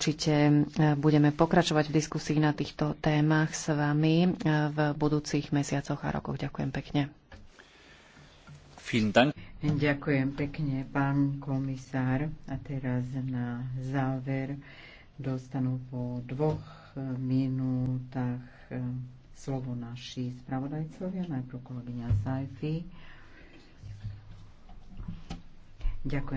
Určite e, budeme pokračovať v diskusii na týchto témach s vami e, v budúcich mesiacoch a rokoch. Ďakujem pekne. Ďakujem pekne, pán komisár. A teraz na záver dostanú po dvoch e, minútach slovo naši spravodajcovia, najprv kolegyňa Sajfi. Ďakujem.